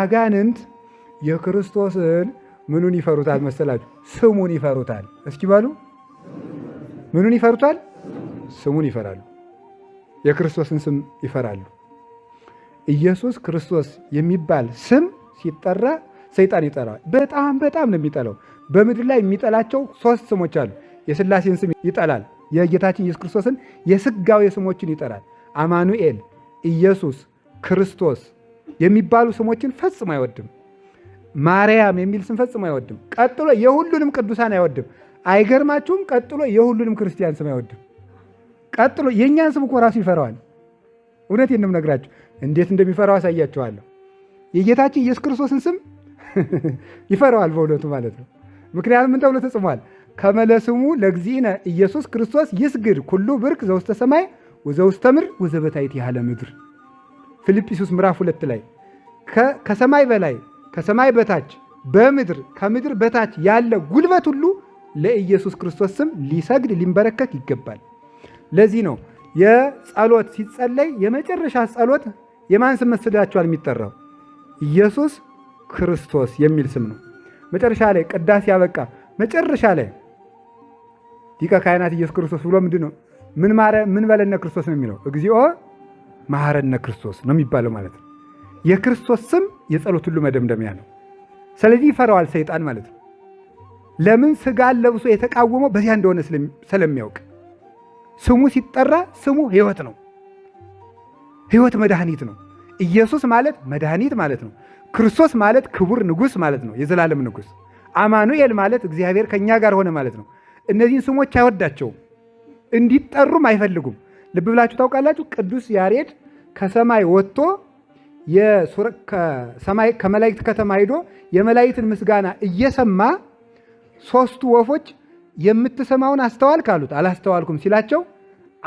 አጋንንት የክርስቶስን ምኑን ይፈሩታል መሰላችሁ? ስሙን ይፈሩታል። እስኪ ባሉ ምኑን ይፈሩታል? ስሙን ይፈራሉ። የክርስቶስን ስም ይፈራሉ። ኢየሱስ ክርስቶስ የሚባል ስም ሲጠራ ሰይጣን ይጠራዋል። በጣም በጣም ነው የሚጠላው። በምድር ላይ የሚጠላቸው ሶስት ስሞች አሉ። የስላሴን ስም ይጠላል። የጌታችን ኢየሱስ ክርስቶስን የስጋዊ ስሞችን ይጠራል። አማኑኤል፣ ኢየሱስ ክርስቶስ የሚባሉ ስሞችን ፈጽሞ አይወድም። ማርያም የሚል ስም ፈጽሞ አይወድም። ቀጥሎ የሁሉንም ቅዱሳን አይወድም። አይገርማችሁም? ቀጥሎ የሁሉንም ክርስቲያን ስም አይወድም። ቀጥሎ የእኛን ስም እኮ ራሱ ይፈራዋል። እውነት ነው ነግራችሁ እንዴት እንደሚፈራው አሳያችኋለሁ። የጌታችን ኢየሱስ ክርስቶስን ስም ይፈራዋል በእውነቱ ማለት ነው። ምክንያቱም ምን ተብሎ ተጽሟል? ከመለስሙ ለግዚእነ ኢየሱስ ክርስቶስ ይስግድ ኩሉ ብርክ ዘውስተ ሰማይ ወዘውስተ ምድር ወዘበታይት ያህለ ምድር ፊልጵስዩስ ምዕራፍ ሁለት ላይ ከሰማይ በላይ ከሰማይ በታች በምድር ከምድር በታች ያለ ጉልበት ሁሉ ለኢየሱስ ክርስቶስ ስም ሊሰግድ ሊንበረከክ ይገባል። ለዚህ ነው የጸሎት ሲጸለይ የመጨረሻ ጸሎት የማን ስም መስላችኋል? የሚጠራው ኢየሱስ ክርስቶስ የሚል ስም ነው። መጨረሻ ላይ ቅዳሴ ያበቃ መጨረሻ ላይ ሊቀ ካህናት ኢየሱስ ክርስቶስ ብሎ ምንድን ነው ምን ማረ ምን በለነ ክርስቶስ ነው የሚለው እግዚኦ መሐረነ ክርስቶስ ነው የሚባለው ማለት ነው። የክርስቶስ ስም የጸሎት ሁሉ መደምደሚያ ነው። ስለዚህ ይፈራዋል ሰይጣን ማለት ነው። ለምን ስጋን ለብሶ የተቃወመው በዚያ እንደሆነ ስለሚያውቅ ስሙ ሲጠራ ስሙ ህይወት ነው። ህይወት መድኃኒት ነው። ኢየሱስ ማለት መድኃኒት ማለት ነው። ክርስቶስ ማለት ክቡር ንጉሥ ማለት ነው። የዘላለም ንጉሥ አማኑኤል ማለት እግዚአብሔር ከእኛ ጋር ሆነ ማለት ነው። እነዚህን ስሞች አይወዳቸውም፣ እንዲጠሩም አይፈልጉም። ልብ ብላችሁ ታውቃላችሁ። ቅዱስ ያሬድ ከሰማይ ወጥቶ ሰማይ ከመላእክት ከተማ ሂዶ የመላእክትን ምስጋና እየሰማ ሶስቱ ወፎች የምትሰማውን አስተዋል አሉት። አላስተዋልኩም ሲላቸው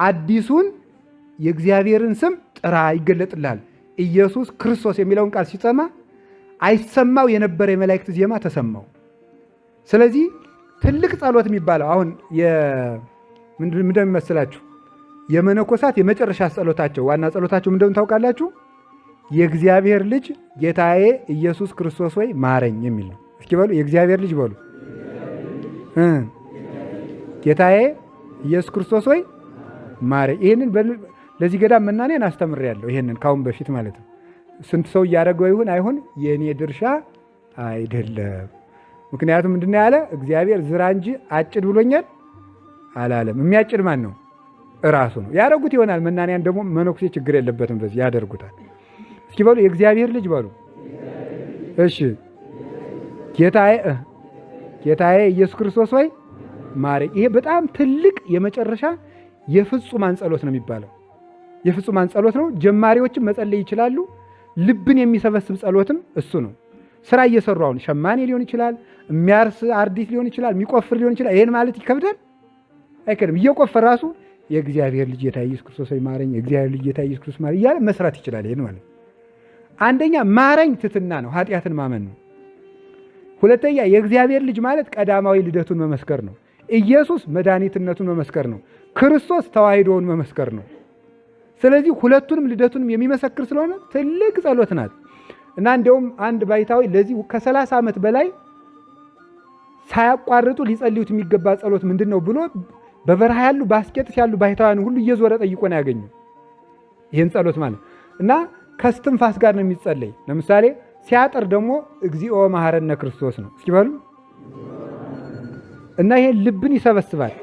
አዲሱን የእግዚአብሔርን ስም ጥራ ይገለጥላል። ኢየሱስ ክርስቶስ የሚለውን ቃል ሲሰማ አይሰማው የነበረ የመላእክት ዜማ ተሰማው። ስለዚህ ትልቅ ጸሎት የሚባለው አሁን ምንድን የሚመስላችሁ የመነኮሳት የመጨረሻ ጸሎታቸው ዋና ጸሎታቸው ምንደም ታውቃላችሁ? የእግዚአብሔር ልጅ ጌታዬ ኢየሱስ ክርስቶስ ወይ ማረኝ የሚል ነው። እስኪ በሉ የእግዚአብሔር ልጅ በሉ ጌታዬ ኢየሱስ ክርስቶስ ወይ ማረኝ። ይህንን ለዚህ ገዳም መናኔን አስተምሬያለሁ። ይህንን ካሁን በፊት ማለት ነው። ስንት ሰው እያደረገው ይሁን አይሁን የእኔ ድርሻ አይደለም። ምክንያቱም ምንድነው ያለ እግዚአብሔር ዝራ እንጂ አጭድ ብሎኛል አላለም። የሚያጭድ ማን ነው? ራሱ ነው ያደረጉት ይሆናል። መናንያን ደግሞ መነኩሴ ችግር የለበትም፣ በዚህ ያደርጉታል። እስኪ በሉ የእግዚአብሔር ልጅ በሉ። እሺ ጌታዬ ጌታዬ ኢየሱስ ክርስቶስ ወይ ማረኝ። ይሄ በጣም ትልቅ የመጨረሻ የፍጹማን ጸሎት ነው የሚባለው። የፍጹማን ጸሎት ነው። ጀማሪዎችም መጸለይ ይችላሉ። ልብን የሚሰበስብ ጸሎትም እሱ ነው። ስራ እየሰሩ አሁን ሸማኔ ሊሆን ይችላል፣ የሚያርስ አርዲት ሊሆን ይችላል፣ የሚቆፍር ሊሆን ይችላል። ይህን ማለት ይከብዳል አይከብድም። እየቆፈር ራሱ የእግዚአብሔር ልጅ ጌታ ኢየሱስ ክርስቶስ ማረኝ፣ የእግዚአብሔር ልጅ ጌታ ኢየሱስ ክርስቶስ ማረኝ እያለ መስራት ይችላል። ይህን ማለት አንደኛ ማረኝ ትትና ነው፣ ኃጢአትን ማመን ነው። ሁለተኛ የእግዚአብሔር ልጅ ማለት ቀዳማዊ ልደቱን መመስከር ነው። ኢየሱስ መድኃኒትነቱን መመስከር ነው። ክርስቶስ ተዋሂዶውን መመስከር ነው። ስለዚህ ሁለቱንም ልደቱንም የሚመሰክር ስለሆነ ትልቅ ጸሎት ናት እና እንዲያውም አንድ ባይታዊ ለዚህ ከሰላሳ ዓመት በላይ ሳያቋርጡ ሊጸልዩት የሚገባ ጸሎት ምንድን ነው ብሎ በበረሃ ያሉ በአስቄጥስ ያሉ ባህታውያን ሁሉ እየዞረ ጠይቆ ነው ያገኙ ይህን ጸሎት ማለት እና ከስትንፋስ ጋር ነው የሚጸለይ። ለምሳሌ ሲያጥር ደግሞ እግዚኦ መሐረነ ክርስቶስ ነው እስኪበሉ እና ይሄን ልብን ይሰበስባል።